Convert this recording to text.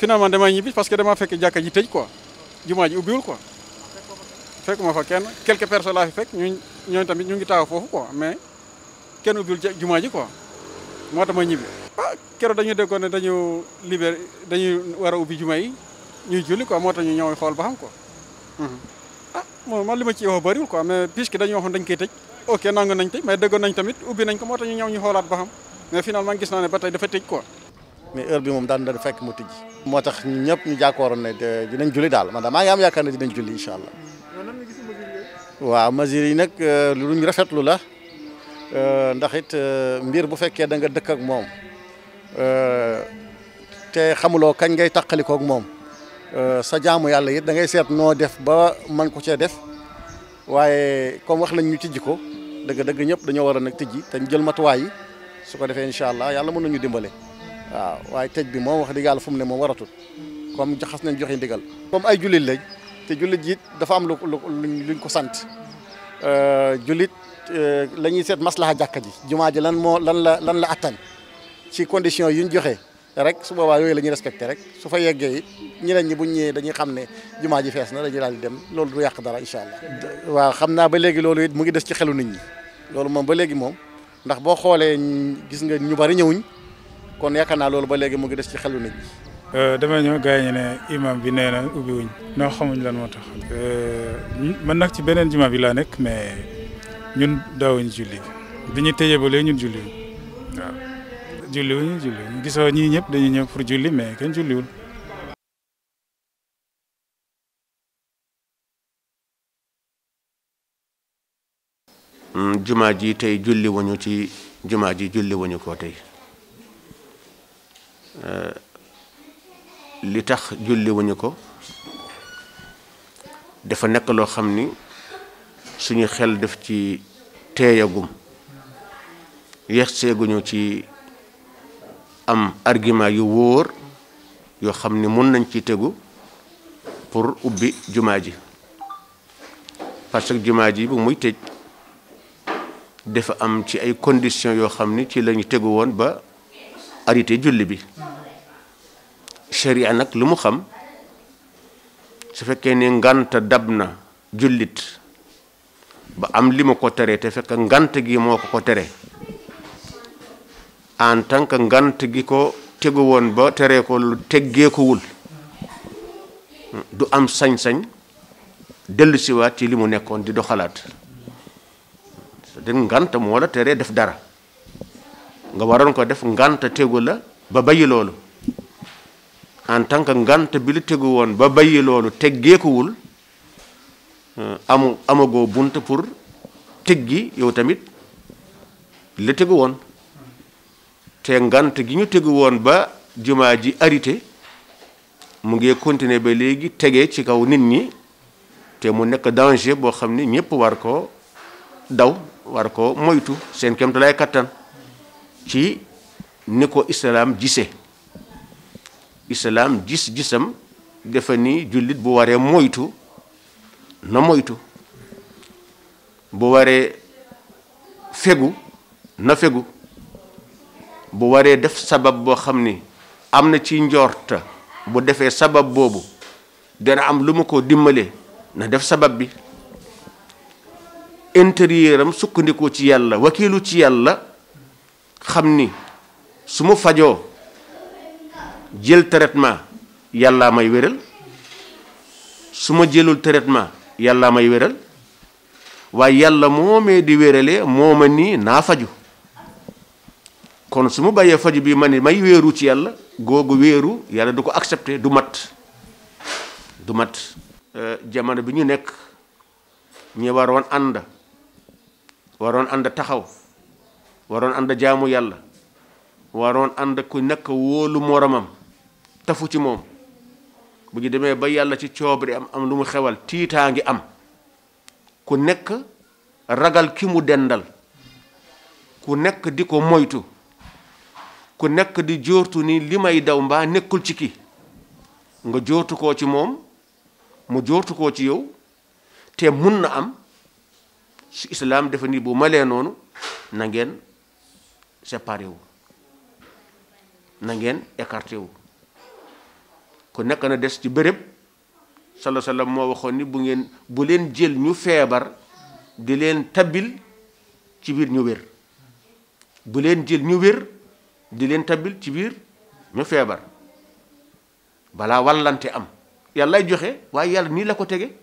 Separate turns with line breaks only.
finalement damay ñibbi parce que dama fekk jàkka ji tëj quoi jumaa ji ubbiwul fekk fekkuma fa kenn quelques personnes laa fi fekk ñu ñooñu tamit ñu ngi taaw foofu quoi mais kenn ubbiwul jumaa ji quoi moo tax ma ñibbi. ah keroog dañu déggoon ne dañu libéré dañu war a ubbi yi ñuy julli quoi moo tax ñu ñëw xool ba xam quoi mhm. ah ma moo ñu ñëw ñu xoolaat ba xam mais gis naa ne ba tey dafa tëj quoi.
mais heure bi moom daan na fekk mu tijji. moo tax ñun ñëpp ñu jàkkooroon na dinañ julli daal man daal maa ngi am yaakaar ne dinañ julli incha allah. waaw mesures yi nag euh, lu ñu rafetlu la euh, ndax it euh, mbir bu fekkee da nga dëkk ak moom te xamuloo kañ ngay taqalikoo ak moom sa jaamu yàlla yit da ngay seet noo def ba man ko cee def waaye comme wax nañ ñu tijji ko dëgg-dëgg ñëpp dañoo war a nag tijji te ñu jël matuwaay yi su ko defee incha allah yàlla mën nañu dimbale. waaw waaye tëj bi moom wax dëgg yàlla fu ne moom waratul comme xas nañ joxe ndigal. comme ay jullit lañ te jullit yi dafa am lu luñ ko sant euh, jullit euh, la ñuy seet maslaha jàkka ji jumaa ji lan moo lan la lan la attan ci condition yu ñu joxe rek su boobaa yooyu la ñuy respecté rek su fa yeggee it ñeneen ñi buñ ñëwee dañuy xam ne jumaa ji fees na dañuy daal di dem loolu du yàq dara incha allah. waaw xam naa ba léegi loolu it mu ngi des ci xelu nit ñi loolu moom ba léegi moom ndax boo xoolee gis nga ñu bari ñëwuñ. kon yaakaar naa loolu ba léegi mu ngi des ci xelu nit ñi.
Euh, damay ñëw gars yi ne imam bi nee na ubbi wuñ noo xamuñ lan moo tax. Euh, man nag ci beneen jumaa bi laa nekk mais ñun daawuñ julli bi ñu tëjee ba léegi ñun julli ñii ñëpp dañuy ñëw pour julli mais kenn julliwul. Hmm, jumaa ji tey julli ci jumaa ji julli wuñu tey. Euh, li tax julli wuñu ko dafa nekk loo xam ni suñu xel def ci teeyagum yeex seeguñu ci am argument yu wóor yoo xam ni mun nañ ci tegu pour ubbi jumaa ji parce que jumaa ji bu muy tëj dafa am ci ay conditions yoo xam ni ci lañu tegu woon ba arrêté julli bi sharia nag lu mu xam su fekkee ne ngànta dab na jullit ba am limu ko tere te fekk ngant gi moo ko ko tere en tant ngant gi ko tegu woon ba teree ko lu teggeekuwul du am sañ-sañ dellusiwaat yi li mu nekkoon di doxalaat de ngant moo la teree def dara nga waroon ko def ngànta tegu la ba bàyyi loolu en tant que ngànta bi lu tegu woon ba bàyyi loolu teggeekuwul eh, amu amagoo bunt pour teggi yow tamit li tegu woon te ngant gi ñu tegu woon ba jumaa ji arité mu ngi continuer ba léegi tegee ci kaw nit ñi te mu nekk danger boo xam ne ñëpp war ko daw war ko moytu seen lay kattan ci ni ko islaam gise islaam gis gisam dafa ni jullit bu waree moytu na moytu bu waree fegu na fegu bu waree def sabab boo xam ni am na ci njorta bu defee sabab boobu dana am lu ma ko dimbalee na def sabab bi intérieur am sukkandikoo ci yàlla wakiilu ci yàlla xam ni su ma fajoo jël traitement yàllaa may wéral su ma jëlul traitement yàllaa may wéral waaye yàlla moomee di wéralee moo ma nii naa faju kon su ma bàyyee faju bi ma ni may wéeru ci yàlla googu wéeru yàlla du ko accepté du mat du mat euh, jamono bi ñu nekk ñi waroon ànd waroon ànd taxaw waroon ànd jaamu yàlla waroon ànd ku nekk woolu moromam tafu ci moom bu ñu demee ba yàlla ci coobari am am lu mu xewal tiitaa ngi am ku nekk ragal ki mu dendal ku nekk di ko moytu ku nekk di joortu ni li may daw mbaa nekkul ci ki nga joortu koo ci moom mu joortu koo ci yow te mun na am si islaam dafa ni bu malee noonu na ngeen séparé wu na ngeen écarté wu ku nekk na des ci bërëb sala sala moo waxoon ni bu ngeen bu leen jël ñu feebar di leen tabbil ci biir ñu wér bu leen jël ñu wér di leen tabbil ci biir ñu feebar balaa wallante am yàlla yàllaay joxe waaye yàlla nii la ko tege